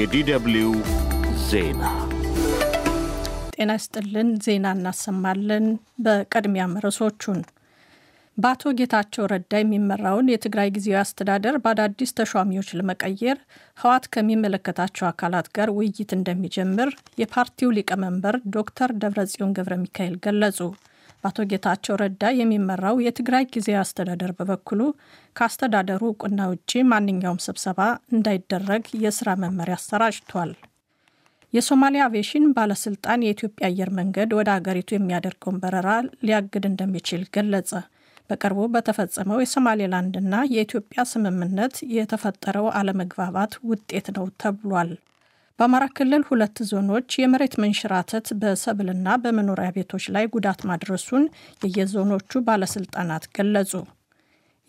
የዲደብሊው ዜና ጤና ይስጥልን። ዜና እናሰማለን። በቅድሚያም ርዕሶቹን በአቶ ጌታቸው ረዳ የሚመራውን የትግራይ ጊዜያዊ አስተዳደር በአዳዲስ ተሿሚዎች ለመቀየር ህዋት ከሚመለከታቸው አካላት ጋር ውይይት እንደሚጀምር የፓርቲው ሊቀመንበር ዶክተር ደብረጽዮን ገብረ ሚካኤል ገለጹ። በአቶ ጌታቸው ረዳ የሚመራው የትግራይ ጊዜያዊ አስተዳደር በበኩሉ ከአስተዳደሩ እውቅና ውጪ ማንኛውም ስብሰባ እንዳይደረግ የስራ መመሪያ አሰራጭቷል። የሶማሊያ አቬሽን ባለስልጣን የኢትዮጵያ አየር መንገድ ወደ አገሪቱ የሚያደርገውን በረራ ሊያግድ እንደሚችል ገለጸ። በቅርቡ በተፈጸመው የሶማሌላንድና የኢትዮጵያ ስምምነት የተፈጠረው አለመግባባት ውጤት ነው ተብሏል። በአማራ ክልል ሁለት ዞኖች የመሬት መንሸራተት በሰብልና በመኖሪያ ቤቶች ላይ ጉዳት ማድረሱን የየዞኖቹ ባለስልጣናት ገለጹ።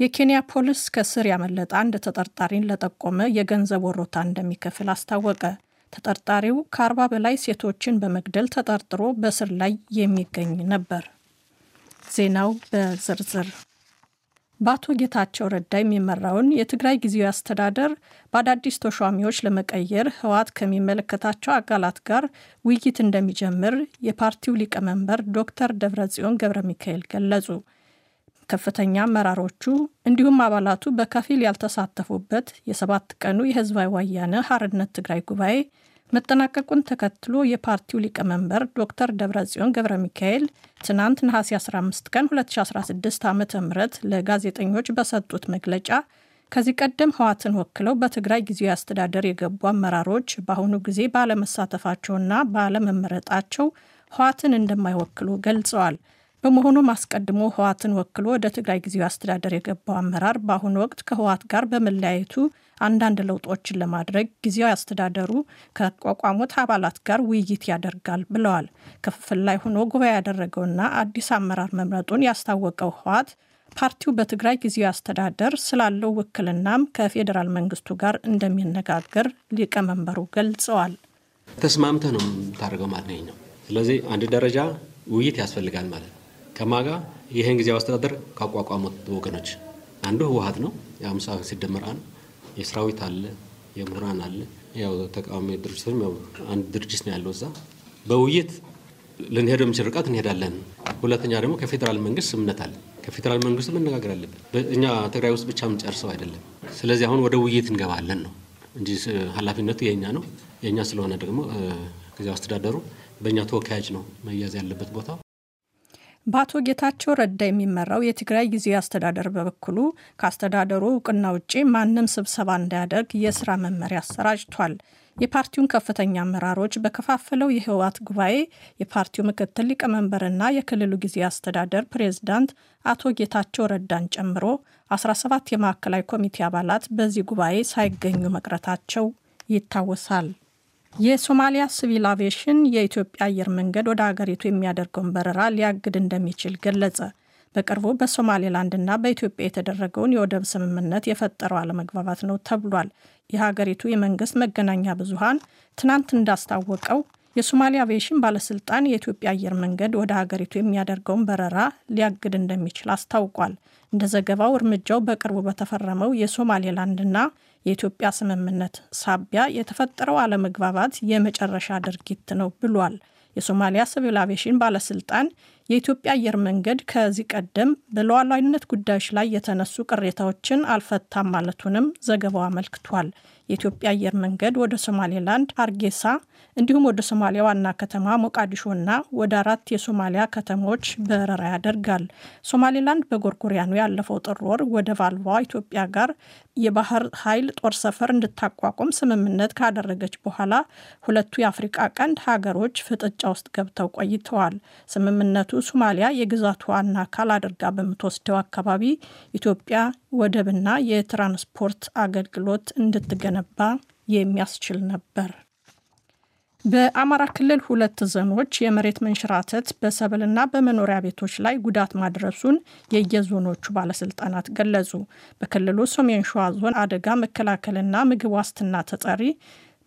የኬንያ ፖሊስ ከስር ያመለጠ አንድ ተጠርጣሪን ለጠቆመ የገንዘብ ወሮታ እንደሚከፍል አስታወቀ። ተጠርጣሪው ከአርባ በላይ ሴቶችን በመግደል ተጠርጥሮ በስር ላይ የሚገኝ ነበር። ዜናው በዝርዝር በአቶ ጌታቸው ረዳ የሚመራውን የትግራይ ጊዜያዊ አስተዳደር በአዳዲስ ተሿሚዎች ለመቀየር ህወሓት ከሚመለከታቸው አካላት ጋር ውይይት እንደሚጀምር የፓርቲው ሊቀመንበር ዶክተር ደብረጽዮን ገብረ ሚካኤል ገለጹ። ከፍተኛ አመራሮቹ እንዲሁም አባላቱ በከፊል ያልተሳተፉበት የሰባት ቀኑ የህዝባዊ ወያነ ሓርነት ትግራይ ጉባኤ መጠናቀቁን ተከትሎ የፓርቲው ሊቀመንበር ዶክተር ደብረጽዮን ገብረ ሚካኤል ትናንት ነሐሴ 15 ቀን 2016 ዓ ም ለጋዜጠኞች በሰጡት መግለጫ ከዚህ ቀደም ህዋትን ወክለው በትግራይ ጊዜያዊ አስተዳደር የገቡ አመራሮች በአሁኑ ጊዜ ባለመሳተፋቸውና ባለመመረጣቸው ህዋትን እንደማይወክሉ ገልጸዋል። በመሆኑም አስቀድሞ ህዋትን ወክሎ ወደ ትግራይ ጊዜያዊ አስተዳደር የገባው አመራር በአሁኑ ወቅት ከህዋት ጋር በመለያየቱ አንዳንድ ለውጦችን ለማድረግ ጊዜያዊ አስተዳደሩ ከቋቋሙት አባላት ጋር ውይይት ያደርጋል ብለዋል። ክፍፍል ላይ ሆኖ ጉባኤ ያደረገውና አዲስ አመራር መምረጡን ያስታወቀው ህወሓት ፓርቲው በትግራይ ጊዜያዊ አስተዳደር ስላለው ውክልናም ከፌዴራል መንግስቱ ጋር እንደሚነጋገር ሊቀመንበሩ ገልጸዋል። ተስማምተ ነው የምታደርገው ማለት ነው። ስለዚህ አንድ ደረጃ ውይይት ያስፈልጋል ማለት ነው። ከማጋ ይህን ጊዜያዊ አስተዳደር ካቋቋሙት ወገኖች አንዱ ህወሓት ነው። የአምሳ ሲደመር አንድ የሰራዊት አለ፣ የምሁራን አለ። ያው ተቃዋሚ ድርጅቶች አንድ ድርጅት ነው ያለው እዛ በውይይት ልንሄደው የምችል ርቀት እንሄዳለን። ሁለተኛ ደግሞ ከፌዴራል መንግስት እምነት አለ። ከፌዴራል መንግስት መነጋገር አለብን። እኛ ትግራይ ውስጥ ብቻ የምንጨርሰው አይደለም። ስለዚህ አሁን ወደ ውይይት እንገባለን ነው እንጂ ኃላፊነቱ የኛ ነው። የእኛ ስለሆነ ደግሞ ጊዜ አስተዳደሩ በእኛ ተወካያጅ ነው መያዝ ያለበት ቦታው በአቶ ጌታቸው ረዳ የሚመራው የትግራይ ጊዜ አስተዳደር በበኩሉ ከአስተዳደሩ እውቅና ውጪ ማንም ስብሰባ እንዳያደርግ የስራ መመሪያ አሰራጭቷል። የፓርቲውን ከፍተኛ አመራሮች በከፋፈለው የህወሓት ጉባኤ የፓርቲው ምክትል ሊቀመንበርና የክልሉ ጊዜ አስተዳደር ፕሬዝዳንት አቶ ጌታቸው ረዳን ጨምሮ 17 የማዕከላዊ ኮሚቴ አባላት በዚህ ጉባኤ ሳይገኙ መቅረታቸው ይታወሳል። የሶማሊያ ሲቪል አቪዬሽን የኢትዮጵያ አየር መንገድ ወደ አገሪቱ የሚያደርገውን በረራ ሊያግድ እንደሚችል ገለጸ። በቅርቡ በሶማሌላንድና በኢትዮጵያ የተደረገውን የወደብ ስምምነት የፈጠረው አለመግባባት ነው ተብሏል። የሀገሪቱ የመንግስት መገናኛ ብዙሃን ትናንት እንዳስታወቀው የሶማሊያ አቪዬሽን ባለስልጣን የኢትዮጵያ አየር መንገድ ወደ ሀገሪቱ የሚያደርገውን በረራ ሊያግድ እንደሚችል አስታውቋል። እንደዘገባው እርምጃው በቅርቡ በተፈረመው የሶማሌላንድና የኢትዮጵያ ስምምነት ሳቢያ የተፈጠረው አለመግባባት የመጨረሻ ድርጊት ነው ብሏል። የሶማሊያ ሲቪል አቪዬሽን ባለስልጣን የኢትዮጵያ አየር መንገድ ከዚህ ቀደም በሉዓላዊነት ጉዳዮች ላይ የተነሱ ቅሬታዎችን አልፈታም ማለቱንም ዘገባው አመልክቷል። የኢትዮጵያ አየር መንገድ ወደ ሶማሌላንድ ሀርጌሳ እንዲሁም ወደ ሶማሊያ ዋና ከተማ ሞቃዲሾና ወደ አራት የሶማሊያ ከተሞች በረራ ያደርጋል። ሶማሌላንድ በጎርጎሪያኑ ያለፈው ጥር ወር ወደ ቫልቫ ኢትዮጵያ ጋር የባህር ኃይል ጦር ሰፈር እንድታቋቁም ስምምነት ካደረገች በኋላ ሁለቱ የአፍሪቃ ቀንድ ሀገሮች ፍጥጫ ውስጥ ገብተው ቆይተዋል። ስምምነቱ ሶማሊያ የግዛቱ ዋና አካል አድርጋ በምትወስደው አካባቢ ኢትዮጵያ ወደብና የትራንስፖርት አገልግሎት እንድትገነባ የሚያስችል ነበር። በአማራ ክልል ሁለት ዞኖች የመሬት መንሸራተት በሰብልና በመኖሪያ ቤቶች ላይ ጉዳት ማድረሱን የየዞኖቹ ባለስልጣናት ገለጹ። በክልሉ ሰሜን ሸዋ ዞን አደጋ መከላከልና ምግብ ዋስትና ተጠሪ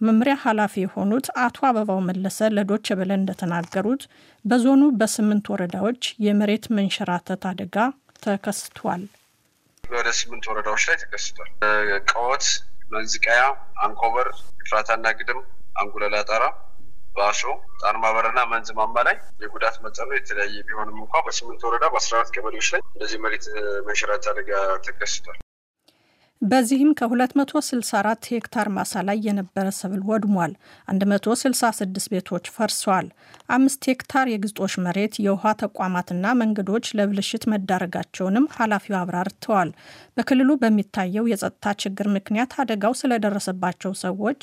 መምሪያ ኃላፊ የሆኑት አቶ አበባው መለሰ ለዶች ብለ እንደተናገሩት በዞኑ በስምንት ወረዳዎች የመሬት መንሸራተት አደጋ ተከስቷል። ወደ ስምንት ወረዳዎች ላይ ተከስቷል። ቀወት፣ መንዝቃያ፣ አንኮበር፣ ፍራታና ግድም አንጉለላ ጠራ፣ ባሾ ጣን ማበርና መንዝ ማማ ላይ የጉዳት መጠኑ የተለያየ ቢሆንም እንኳ በስምንት ወረዳ በአስራ አራት ቀበሌዎች ላይ እንደዚህ መሬት መንሸራት አደጋ ተከስቷል። በዚህም ከ264 ሄክታር ማሳ ላይ የነበረ ሰብል ወድሟል። 166 ቤቶች ፈርሰዋል። አምስት ሄክታር የግጦሽ መሬት፣ የውሃ ተቋማትና መንገዶች ለብልሽት መዳረጋቸውንም ኃላፊው አብራርተዋል። በክልሉ በሚታየው የጸጥታ ችግር ምክንያት አደጋው ስለደረሰባቸው ሰዎች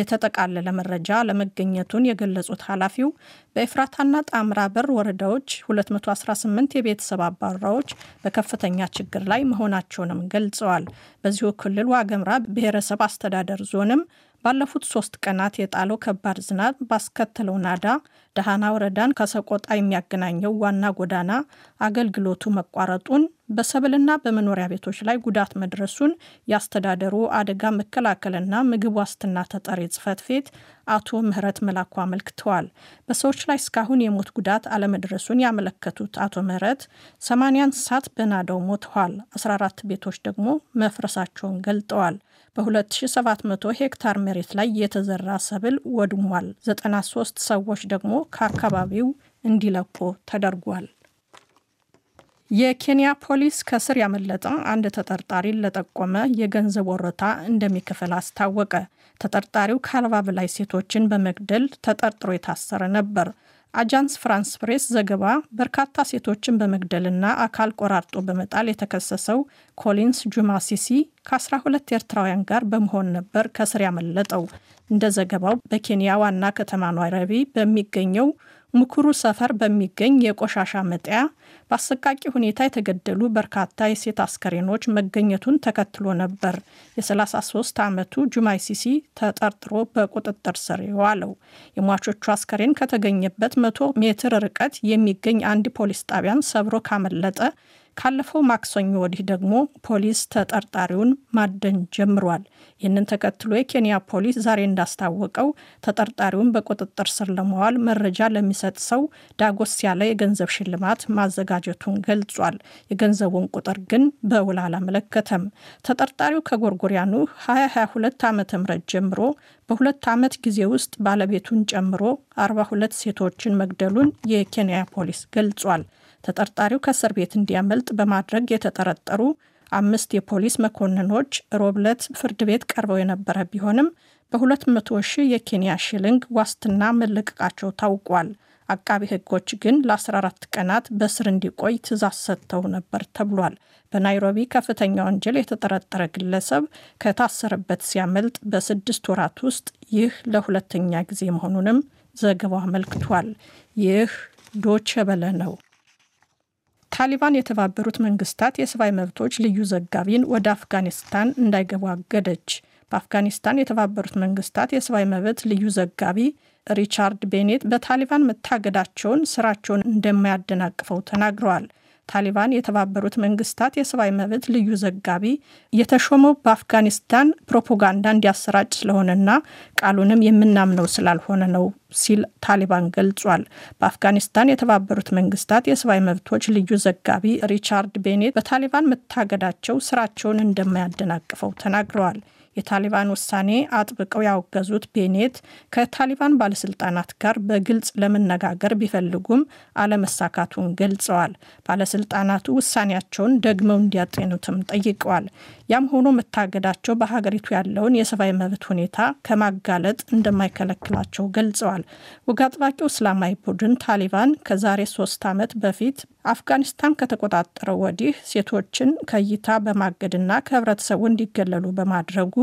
የተጠቃለለ መረጃ ለመገኘቱን የገለጹት ኃላፊው በኤፍራታና ጣምራ በር ወረዳዎች 218 የቤተሰብ አባራዎች በከፍተኛ ችግር ላይ መሆናቸውንም ገልጸዋል። በዚሁ ክልል ዋገምራ ብሔረሰብ አስተዳደር ዞንም ባለፉት ሶስት ቀናት የጣለው ከባድ ዝናብ ባስከተለው ናዳ ደሃና ወረዳን ከሰቆጣ የሚያገናኘው ዋና ጎዳና አገልግሎቱ መቋረጡን በሰብልና በመኖሪያ ቤቶች ላይ ጉዳት መድረሱን የአስተዳደሩ አደጋ መከላከልና ምግብ ዋስትና ተጠሪ ጽህፈት ቤት አቶ ምህረት መላኩ አመልክተዋል። በሰዎች ላይ እስካሁን የሞት ጉዳት አለመድረሱን ያመለከቱት አቶ ምህረት ሰማንያ እንስሳት በናደው ሞተዋል፣ 14 ቤቶች ደግሞ መፍረሳቸውን ገልጠዋል። በ2700 ሄክታር መሬት ላይ የተዘራ ሰብል ወድሟል። 93 ሰዎች ደግሞ ከአካባቢው እንዲለቁ ተደርጓል። የኬንያ ፖሊስ ከስር ያመለጠ አንድ ተጠርጣሪ ለጠቆመ የገንዘብ ወረታ እንደሚከፍል አስታወቀ። ተጠርጣሪው ከአርባ በላይ ሴቶችን በመግደል ተጠርጥሮ የታሰረ ነበር። አጃንስ ፍራንስ ፕሬስ ዘገባ በርካታ ሴቶችን በመግደልና አካል ቆራርጦ በመጣል የተከሰሰው ኮሊንስ ጁማ ሲሲ ከ12 ኤርትራውያን ጋር በመሆን ነበር ከስር ያመለጠው። እንደ ዘገባው በኬንያ ዋና ከተማ ናይሮቢ በሚገኘው ምኩሩ ሰፈር በሚገኝ የቆሻሻ መጠያ በአሰቃቂ ሁኔታ የተገደሉ በርካታ የሴት አስከሬኖች መገኘቱን ተከትሎ ነበር የ33 ዓመቱ ጁማይ ሲሲ ተጠርጥሮ በቁጥጥር ስር የዋለው። የሟቾቹ አስከሬን ከተገኘበት መቶ ሜትር ርቀት የሚገኝ አንድ ፖሊስ ጣቢያን ሰብሮ ካመለጠ ካለፈው ማክሰኞ ወዲህ ደግሞ ፖሊስ ተጠርጣሪውን ማደን ጀምሯል። ይህንን ተከትሎ የኬንያ ፖሊስ ዛሬ እንዳስታወቀው ተጠርጣሪውን በቁጥጥር ስር ለመዋል መረጃ ለሚሰጥ ሰው ዳጎስ ያለ የገንዘብ ሽልማት ማዘጋጀቱን ገልጿል። የገንዘቡን ቁጥር ግን በውል አላመለከተም። ተጠርጣሪው ከጎርጎሪያኑ 2022 ዓ ም ጀምሮ በሁለት ዓመት ጊዜ ውስጥ ባለቤቱን ጨምሮ 42 ሴቶችን መግደሉን የኬንያ ፖሊስ ገልጿል። ተጠርጣሪው ከእስር ቤት እንዲያመልጥ በማድረግ የተጠረጠሩ አምስት የፖሊስ መኮንኖች ሮብለት ፍርድ ቤት ቀርበው የነበረ ቢሆንም በ200 ሺህ የኬንያ ሽልንግ ዋስትና መለቀቃቸው ታውቋል። አቃቢ ሕጎች ግን ለ14 ቀናት በእስር እንዲቆይ ትዕዛዝ ሰጥተው ነበር ተብሏል። በናይሮቢ ከፍተኛ ወንጀል የተጠረጠረ ግለሰብ ከታሰረበት ሲያመልጥ በስድስት ወራት ውስጥ ይህ ለሁለተኛ ጊዜ መሆኑንም ዘገባው አመልክቷል። ይህ ዶቸ በለ ነው። ታሊባን የተባበሩት መንግስታት የሰብአዊ መብቶች ልዩ ዘጋቢን ወደ አፍጋኒስታን እንዳይገቡ አገደች። በአፍጋኒስታን የተባበሩት መንግስታት የሰብአዊ መብት ልዩ ዘጋቢ ሪቻርድ ቤኔት በታሊባን መታገዳቸውን ስራቸውን እንደማያደናቅፈው ተናግረዋል። ታሊባን የተባበሩት መንግስታት የሰብአዊ መብት ልዩ ዘጋቢ የተሾመው በአፍጋኒስታን ፕሮፓጋንዳ እንዲያሰራጭ ስለሆነና ቃሉንም የምናምነው ስላልሆነ ነው ሲል ታሊባን ገልጿል። በአፍጋኒስታን የተባበሩት መንግስታት የሰብአዊ መብቶች ልዩ ዘጋቢ ሪቻርድ ቤኔት በታሊባን መታገዳቸው ስራቸውን እንደማያደናቅፈው ተናግረዋል። የታሊባን ውሳኔ አጥብቀው ያወገዙት ቤኔት ከታሊባን ባለስልጣናት ጋር በግልጽ ለመነጋገር ቢፈልጉም አለመሳካቱን ገልጸዋል። ባለስልጣናቱ ውሳኔያቸውን ደግመው እንዲያጤኑትም ጠይቀዋል። ያም ሆኖ መታገዳቸው በሀገሪቱ ያለውን የሰብአዊ መብት ሁኔታ ከማጋለጥ እንደማይከለክላቸው ገልጸዋል። ወግ አጥባቂው እስላማዊ ቡድን ታሊባን ከዛሬ ሶስት ዓመት በፊት አፍጋኒስታን ከተቆጣጠረው ወዲህ ሴቶችን ከእይታ በማገድና ከህብረተሰቡ እንዲገለሉ በማድረጉ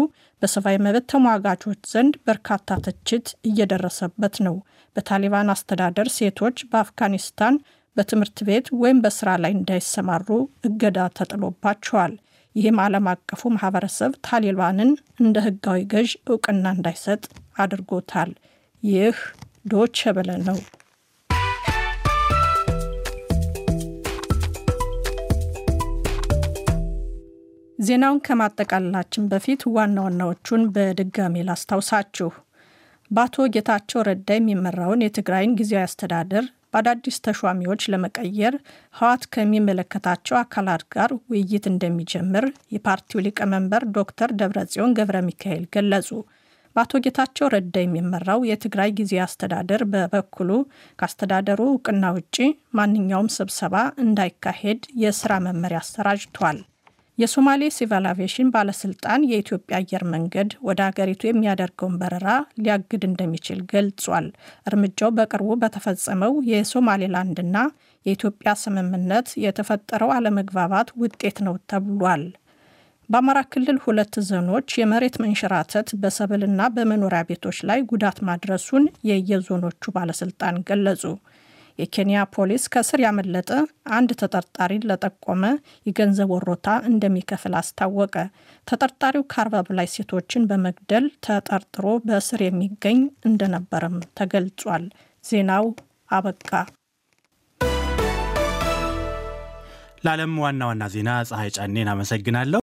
በሰብአዊ መብት ተሟጋቾች ዘንድ በርካታ ትችት እየደረሰበት ነው። በታሊባን አስተዳደር ሴቶች በአፍጋኒስታን በትምህርት ቤት ወይም በስራ ላይ እንዳይሰማሩ እገዳ ተጥሎባቸዋል። ይህም ዓለም አቀፉ ማህበረሰብ ታሊባንን እንደ ህጋዊ ገዥ እውቅና እንዳይሰጥ አድርጎታል። ይህ ዶች በለ ነው። ዜናውን ከማጠቃለላችን በፊት ዋና ዋናዎቹን በድጋሜ ላስታውሳችሁ። በአቶ ጌታቸው ረዳ የሚመራውን የትግራይን ጊዜያዊ አስተዳደር በአዳዲስ ተሿሚዎች ለመቀየር ህወሓት ከሚመለከታቸው አካላት ጋር ውይይት እንደሚጀምር የፓርቲው ሊቀመንበር ዶክተር ደብረጽዮን ገብረ ሚካኤል ገለጹ። በአቶ ጌታቸው ረዳ የሚመራው የትግራይ ጊዜያዊ አስተዳደር በበኩሉ ከአስተዳደሩ እውቅና ውጪ ማንኛውም ስብሰባ እንዳይካሄድ የስራ መመሪያ አሰራጅቷል። የሶማሌ ሲቪል አቪዬሽን ባለስልጣን የኢትዮጵያ አየር መንገድ ወደ አገሪቱ የሚያደርገውን በረራ ሊያግድ እንደሚችል ገልጿል። እርምጃው በቅርቡ በተፈጸመው የሶማሌላንድና የኢትዮጵያ ስምምነት የተፈጠረው አለመግባባት ውጤት ነው ተብሏል። በአማራ ክልል ሁለት ዞኖች የመሬት መንሸራተት በሰብልና በመኖሪያ ቤቶች ላይ ጉዳት ማድረሱን የየዞኖቹ ባለስልጣን ገለጹ። የኬንያ ፖሊስ ከስር ያመለጠ አንድ ተጠርጣሪ ለጠቆመ የገንዘብ ወሮታ እንደሚከፍል አስታወቀ። ተጠርጣሪው ከአርባ በላይ ሴቶችን በመግደል ተጠርጥሮ በስር የሚገኝ እንደነበረም ተገልጿል። ዜናው አበቃ። ለዓለም ዋና ዋና ዜና ፀሐይ ጫኔን አመሰግናለሁ።